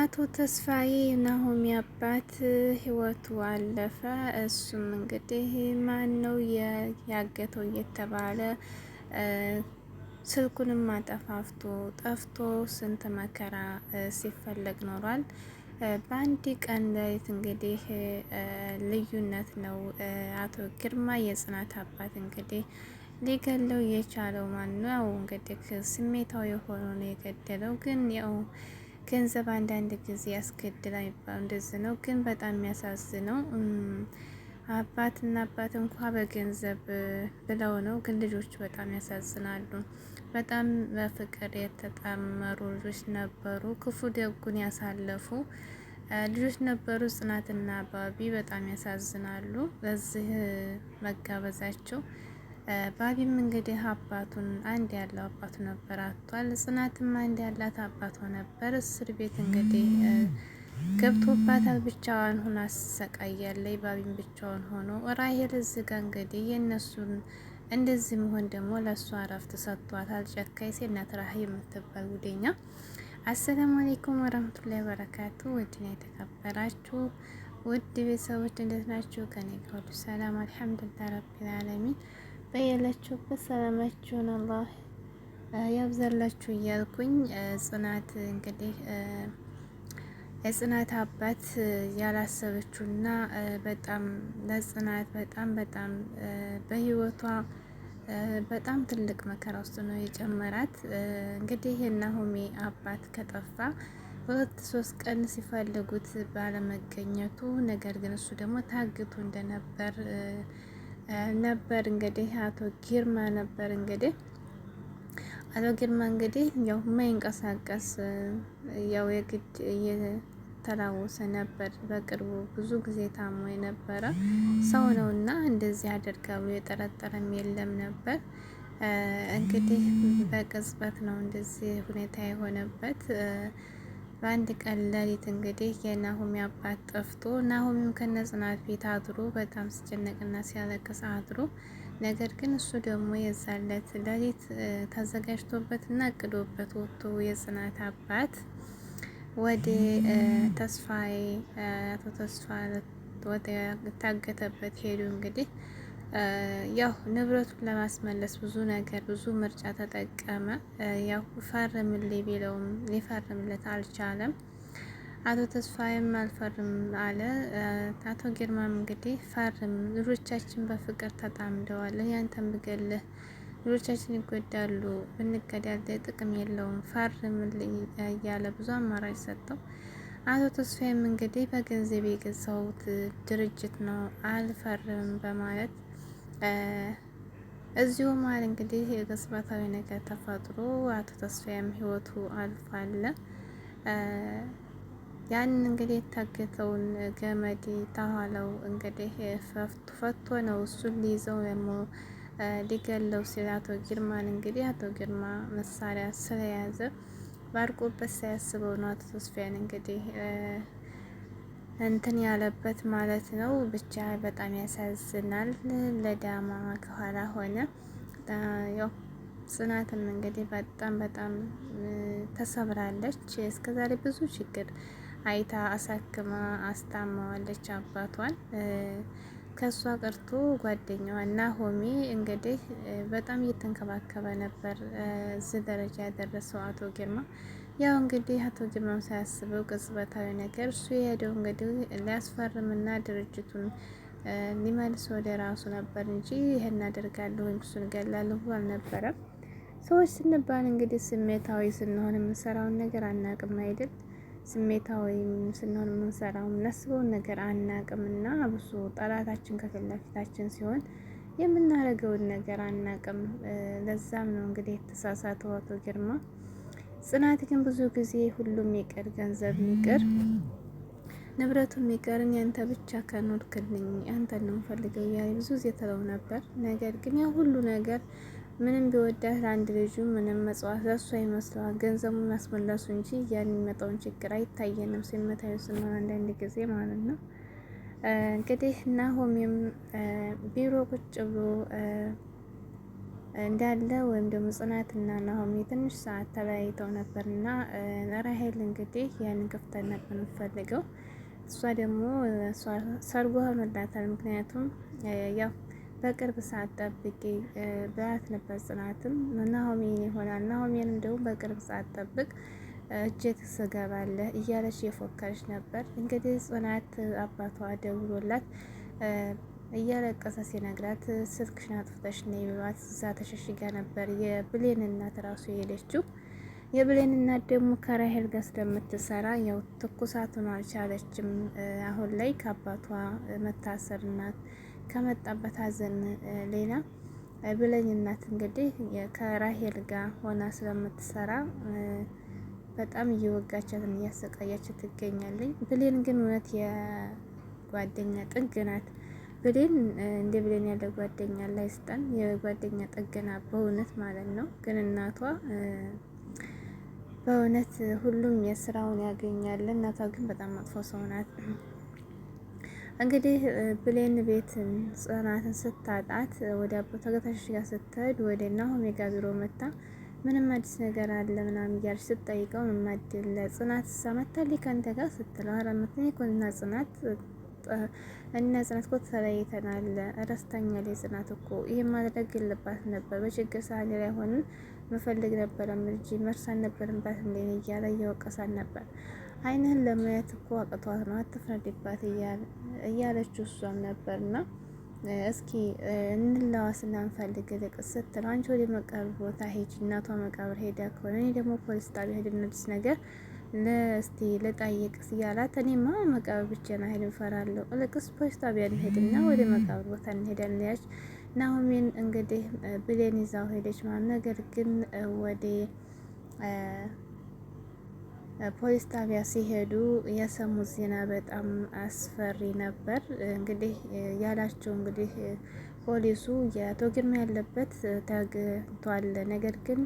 አቶ ተስፋዬ ናሆሚ አባት ህይወቱ አለፈ። እሱም እንግዲህ ማን ነው ያገተው እየተባለ ስልኩንም አጠፋፍቶ ጠፍቶ ስንት መከራ ሲፈለግ ኖሯል። በአንድ ቀን ሌሊት እንግዲህ ልዩነት ነው አቶ ግርማ የጽናት አባት እንግዲህ ሊገለው የቻለው ማን ነው? እንግዲህ ስሜታዊ የሆነ ነው የገደለው ግን ያው ገንዘብ አንዳንድ ጊዜ ያስገድል አይባል እንደዚህ ነው። ግን በጣም የሚያሳዝነው አባትና አባት እንኳ በገንዘብ ብለው ነው። ግን ልጆች በጣም ያሳዝናሉ። በጣም በፍቅር የተጣመሩ ልጆች ነበሩ። ክፉ ደጉን ያሳለፉ ልጆች ነበሩ። ጽናትና ባቢ በጣም ያሳዝናሉ በዚህ መጋበዛቸው። ባቢም እንግዲህ አባቱን አንድ ያለው አባቱ ነበር አቷል። ጽናትም አንድ ያላት አባቷ ነበር። እስር ቤት እንግዲህ ገብቶባታል። ብቻዋን ሆና አሰቃያለች። ባቢም ብቻውን ሆኖ ራሄል እዚህ ጋ እንግዲህ የእነሱን እንደዚህ መሆን ደግሞ ለእሷ እረፍት ሰጥቷታል። ጨካኝ ሴት ናት ራሄል የምትባል ጉደኛ። አሰላሙ አሌይኩም ወረህመቱላሂ ወበረካቱ ውድና የተከበራችሁ ውድ ቤተሰቦች እንዴት ናችሁ? ከኔ ጋር ሁሉ ሰላም አልሐምዱሊላህ ረቢል አለሚን በያላችሁበት ሰላማችሁን አላህ ያብዛላችሁ እያልኩኝ ጽናት እንግዲህ የጽናት አባት ያላሰበችውና በጣም ለጽናት በጣም በጣም በህይወቷ በጣም ትልቅ መከራ ውስጥ ነው የጨመራት። እንግዲህ የናሆሜ አባት ከጠፋ ሁለት ሶስት ቀን ሲፈልጉት ባለመገኘቱ ነገር ግን እሱ ደግሞ ታግቶ እንደነበር ነበር እንግዲህ አቶ ጊርማ ነበር እንግዲህ አቶ ጊርማ እንግዲህ ያው የማይንቀሳቀስ ያው የግድ እየተላወሰ ነበር። በቅርቡ ብዙ ጊዜ ታሞ የነበረ ሰው ነውና እንደዚህ አደርጋ ብሎ የጠረጠረም የለም ነበር። እንግዲህ በቅጽበት ነው እንደዚህ ሁኔታ የሆነበት። በአንድ ቀን ሌሊት እንግዲህ የናሆሚ አባት ጠፍቶ ናሆሚም ከነጽናት ቤት አድሮ በጣም ሲጨነቅና ሲያለቅስ አድሮ፣ ነገር ግን እሱ ደግሞ የዛለት ሌሊት ተዘጋጅቶበትና እቅዶበት ወጥቶ የጽናት አባት ወደ ተስፋዬ አቶ ተስፋ ወደ ታገተበት ሄዱ እንግዲህ ያው ንብረቱን ለማስመለስ ብዙ ነገር ብዙ ምርጫ ተጠቀመ። ያው ፈርምልኝ ቢለውም ሊፈርምለት አልቻለም። አቶ ተስፋዬም አልፈርም አለ። አቶ ግርማም እንግዲህ ፈርም፣ ልጆቻችን በፍቅር ተጣምደዋል፣ ያንተን ብገልህ ልጆቻችን ይጎዳሉ፣ ብንገዳደ ጥቅም የለውም፣ ፈርምልኝ እያለ ብዙ አማራጭ ሰጠው። አቶ ተስፋዬም እንግዲህ በገንዘብ የገዛሁት ድርጅት ነው አልፈርምም በማለት እዚሁ መሀል እንግዲህ የቅጽበታዊ ነገር ተፈጥሮ አቶ ተስፋዬም ህይወቱ አልፏል። ያንን እንግዲህ የታገተውን ገመድ ተኋላው እንግዲህ ፈቶ ነው እሱን ሊይዘው ደግሞ ሊገለው ሲል አቶ ግርማን እንግዲህ አቶ ግርማ መሳሪያ ስለያዘ ባርቆበት ሳያስበው ነው አቶ ተስፋዬን እንግዲህ እንትን ያለበት ማለት ነው። ብቻ በጣም ያሳዝናል። ለዳማ ከኋላ ሆነ። ያው ጽናትም እንግዲህ በጣም በጣም ተሰብራለች። እስከዛሬ ብዙ ችግር አይታ አሳክማ አስታማዋለች አባቷን። ከእሷ ቀርቶ ጓደኛዋ ሆሚ እንግዲህ በጣም እየተንከባከበ ነበር እዚህ ደረጃ ያደረሰው አቶ ግርማ ያው እንግዲህ አቶ ግርማም ሳያስበው ቅጽበታዊ ነገር እሱ የሄደው እንግዲህ ሊያስፈርምና ድርጅቱን ሊመልስ ወደ ራሱ ነበር እንጂ ይህን አደርጋለሁ ወይም እሱን ገላለሁ አልነበረም። ሰዎች ስንባል እንግዲህ ስሜታዊ ስንሆን የምንሰራውን ነገር አናቅም አይደል? ስሜታዊ ስንሆን የምንሰራው የምናስበውን ነገር አናቅምና ብዙ ጠላታችን ከፊት ለፊታችን ሲሆን የምናደርገውን ነገር አናቅም። ለዛም ነው እንግዲህ የተሳሳተው አቶ ግርማ ጽናት ግን ብዙ ጊዜ ሁሉም ይቅር፣ ገንዘብ ይቅር፣ ንብረቱም ይቅር፣ እኔ አንተ ብቻ ከኖርክልኝ አንተ ነው ፈልገው እያለ ብዙ ጊዜ ትለው ነበር። ነገር ግን ያ ሁሉ ነገር ምንም ቢወዳህ ለአንድ ልጁ ምንም መጽዋት ለሱ አይመስለዋል። ገንዘቡን ማስመለሱ እንጂ ያን የሚመጣውን ችግር አይታየንም። ስሜታዊ ስንሆን አንዳንድ ጊዜ ማለት ነው። እንግዲህ እና ናሆሜም ቢሮ ቁጭ ብሎ እንዳለ ወይም ደግሞ ጽናትና ናሆሚ ትንሽ ሰዓት ተለያይተው ነበር ነበርና ራሄል እንግዲህ ያንን ክፍተት ነበር የምትፈልገው። እሷ ደግሞ ሰርጎ ሆኖላታል። ምክንያቱም ያው በቅርብ ሰዓት ጠብቄ ብላት ነበር። ጽናትም ናሆሜን ይሆናል ናሆሜንም ደግሞ በቅርብ ሰዓት ጠብቅ እጄ ትስገባለህ እያለች እየፎከረች ነበር። እንግዲህ ጽናት አባቷ ደውሎላት እያለቀሰ ሲነግራት ስልክሽን አጥፍተሽ ነው የሚሏት። እዛ ተሸሽጋ ነበር የብሌን እናት ራሱ የሄደችው። የብሌን እናት ደግሞ ከራሄል ጋር ስለምትሰራ ያው ትኩሳቱን አልቻለችም። አሁን ላይ ከአባቷ መታሰርና ከመጣበት ሀዘን ሌላ ብሌን እናት እንግዲህ ከራሄል ጋር ሆና ስለምትሰራ በጣም እየወጋቻትን እያሰቃያች ትገኛለኝ። ብሌን ግን እውነት የጓደኛ ጥግ ናት። ብሌን እንደ ብሌን ያለ ጓደኛ ላይ ስጠን የጓደኛ ጥገና በእውነት ማለት ነው። ግን እናቷ በእውነት ሁሉም የስራውን ያገኛል። እናቷ ግን በጣም መጥፎ ሰው ናት። እንግዲህ ብሌን ቤትን ጽናትን ስታጣት ወደ አቦታ ገታሽ ጋር ስትሄድ ወደ ናሆሜ ጋ ቢሮ መታ ምንም አዲስ ነገር አለ ምናምን እያልሽ ስትጠይቀው ምንም አዲስ ጽናት ሳመታልኝ ከአንተ ጋር ስትለው አላመትኔ ኮንና ጽናት እነ ጽናት እኮ ተለያይተናል፣ ረስተኛ ላይ እኮ ይህን ማድረግ የለባት ነበር። በችግር ሳህን ላይ ሆንን መፈልግ ነበረ እንጂ መርሳን ነበር ባት እንዴን እያለ እየወቀሳን ነበር። አይንህን ለማየት እኮ አቅቷት ነው አትፍረድባት እያለችው እሷም ነበርና እስኪ እንላዋስና እናንፈልግ ልቅ ስትለው አንቺ ወደ መቃብር ቦታ ሄጅ፣ እናቷ መቃብር ሄዳ ከሆነ እኔ ደግሞ ፖሊስ ጣቢያ ሄድ ነገር ለስቲ ለጠይቅ ሲያላት እኔማ መቃብር ብቻ ነው ሄድ እንፈራለሁ እልቅስ ፖሊስ ጣቢያ እንሄድና ወደ መቃብር ቦታ እንሄዳለን ያች ናሆሜን እንግዲህ ብሌን ይዛው ሄደች ማለት ነገር ግን ወደ ፖሊስ ጣቢያ ሲሄዱ የሰሙት ዜና በጣም አስፈሪ ነበር። እንግዲህ ያላቸው እንግዲህ ፖሊሱ የአቶ ግርማ ያለበት ተገኝቷል። ነገር ግን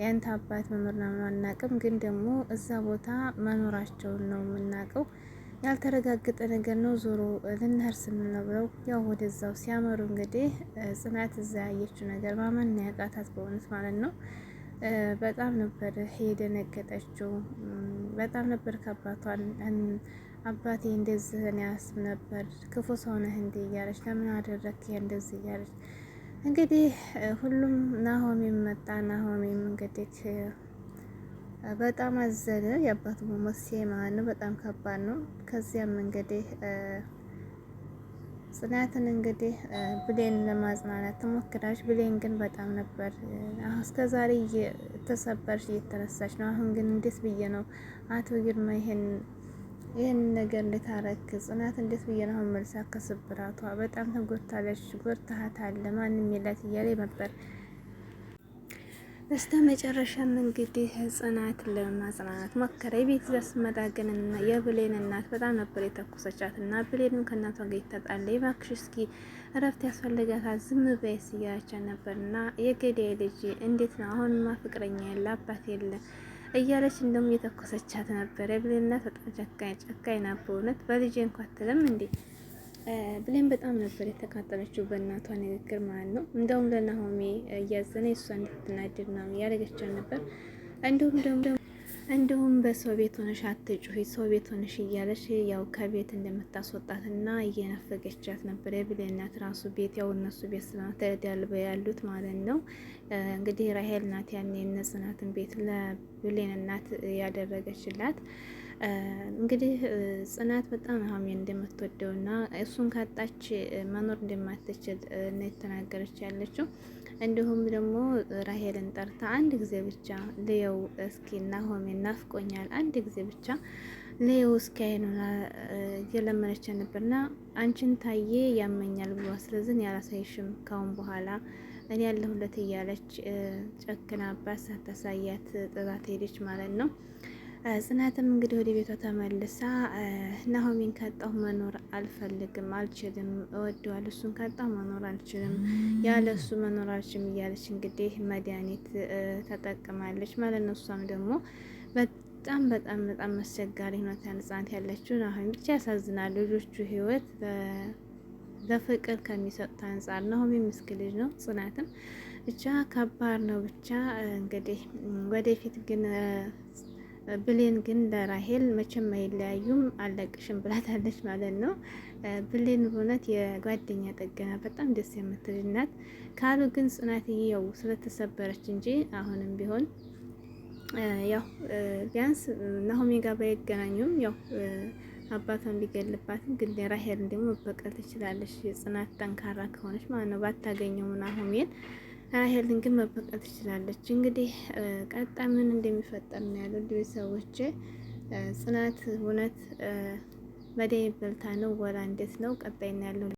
የአንተ አባት መኖር ነው አናቅም፣ ግን ደግሞ እዛ ቦታ መኖራቸውን ነው የምናውቀው። ያልተረጋገጠ ነገር ነው። ዞሮ ልንሄድ ስንል ነው ብለው ያው ወደዛው ሲያመሩ እንግዲህ ጽናት እዛ ያየችው ነገር ማመን ያቃታት በእውነት ማለት ነው። በጣም ነበር የደነገጠችው። በጣም ነበር ከአባቷን አባቴ እንደዚህ እኔ አስብ ነበር ክፉ ሰው ነህ እንዴ እያለች ለምን አደረክ እንደዚህ እያለች እንግዲህ ሁሉም ናሆሚ መጣ። ናሆሜም እንግዲህ በጣም አዘነ። የአባቱ መሞት ማለት ነው በጣም ከባድ ነው። ከዚያም እንግዲህ ጽናትን እንግዲህ ብሌን ለማጽናናት ትሞክራች። ብሌን ግን በጣም ነበር እስከ ዛሬ ተሰበርሽ እየተነሳች ነው። አሁን ግን እንዴት ብዬ ነው አቶ ግርማ ይሄን ይህን ነገር እንዴት ጽናት እንዴት ብዬ ነው መልሳ ከስብራቷ በጣም ተጎድታለች። ጎድታሃታል ማንም የላት እያለ ነበር። በስተ መጨረሻም እንግዲህ ጽናት ለማጽናናት ሞከረ። የቤት ይዛ ስትመጣ ግን የብሌን እናት በጣም ነበር የተኮሰቻት እና ብሌንም ከእናቷ ጋር ይታጣለ የባክሽ እስኪ እረፍት ያስፈልጋታል ዝም በይስ እያለቻት ነበር እና የገዳይ ልጅ እንዴት ነው አሁንማ ፍቅረኛ የለ አባት የለ እያለች እንደውም እየተኮሰቻት ነበር። የብሌን እናት በጣም ጨካኝ ጨካኝ ናት በእውነት በልጄ እንኳ አትልም እንዴ። ብሌን በጣም ነበር የተቃጠለችው በእናቷ ንግግር ማለት ነው። እንደውም ለናሆሜ እያዘነ እሷ እንድትናደድ ምናምን እያደረገቻት ነበር እንደውም ደግሞ እንዲሁም በሰው ቤት ሆነሽ አትጩሂ፣ ሰው ቤት ሆነሽ እያለሽ ያው ከቤት እንደምታስወጣትና እየነፈገቻት ነበር። የብሌናት ራሱ ቤት ያው እነሱ ቤት ስለተዳልበ ያሉት ማለት ነው። እንግዲህ ራሄል ናት ያኔ እነ ጽናትን ቤት ለብሌንናት ያደረገችላት። እንግዲህ ጽናት በጣም ሀሜን እንደምትወደውና እሱን ካጣች መኖር እንደማትችል ነው የተናገረች ያለችው። እንዲሁም ደግሞ ራሄልን ጠርታ አንድ ጊዜ ብቻ ልየው እስኪ ናሆሜ ናፍቆኛል፣ አንድ ጊዜ ብቻ ልየው እስኪ አይኑና እየለመነች ነበርና አንቺን ታዬ ያመኛል ብሎ ስለዚህ ያላሳይሽም ካሁን በኋላ እኔ ያለሁለት እያለች ጨክናባት ሳታሳያት ጥዛት ሄደች ማለት ነው። ጽናትም እንግዲህ ወደ ቤቷ ተመልሳ ናሆሜን ካጣሁ መኖር አልፈልግም፣ አልችልም፣ እወደዋለሁ፣ እሱን ካጣሁ መኖር አልችልም፣ ያለ እሱ መኖር አልችልም እያለች እንግዲህ መድኃኒት ተጠቅማለች ማለት ነው። እሷም ደግሞ በጣም በጣም በጣም አስቸጋሪ ሁኔታ ጽናት ያለችው ናሆሜ ብቻ ያሳዝናል። ልጆቹ ህይወት ለፍቅር ከሚሰጡት አንጻር ናሆሜ ምስኪን ልጅ ነው። ጽናትም ብቻ ከባድ ነው። ብቻ እንግዲህ ወደፊት ግን ብሌን ግን ለራሄል መቼም አይለያዩም አለቅሽም ብላታለች ማለት ነው። ብሌን በእውነት የጓደኛ ጠገና በጣም ደስ የምትል ናት። ካሉ ግን ጽናት ያው ስለተሰበረች እንጂ አሁንም ቢሆን ያው ቢያንስ ናሆሜ ጋር ባይገናኙም ያው አባቷን ቢገልባትም ግን ራሄልን ደግሞ መበቀል ትችላለች። ጽናት ጠንካራ ከሆነች ማለት ነው። ባታገኘው ናሆሜን ራሄልን ግን መበቀል ትችላለች። እንግዲህ ቀጣ ምን እንደሚፈጠር ነው ያለው ሰዎች ጽናት እውነት መደይ በልታ ነው ወላ እንዴት ነው ቀጣይ ነው ያለው?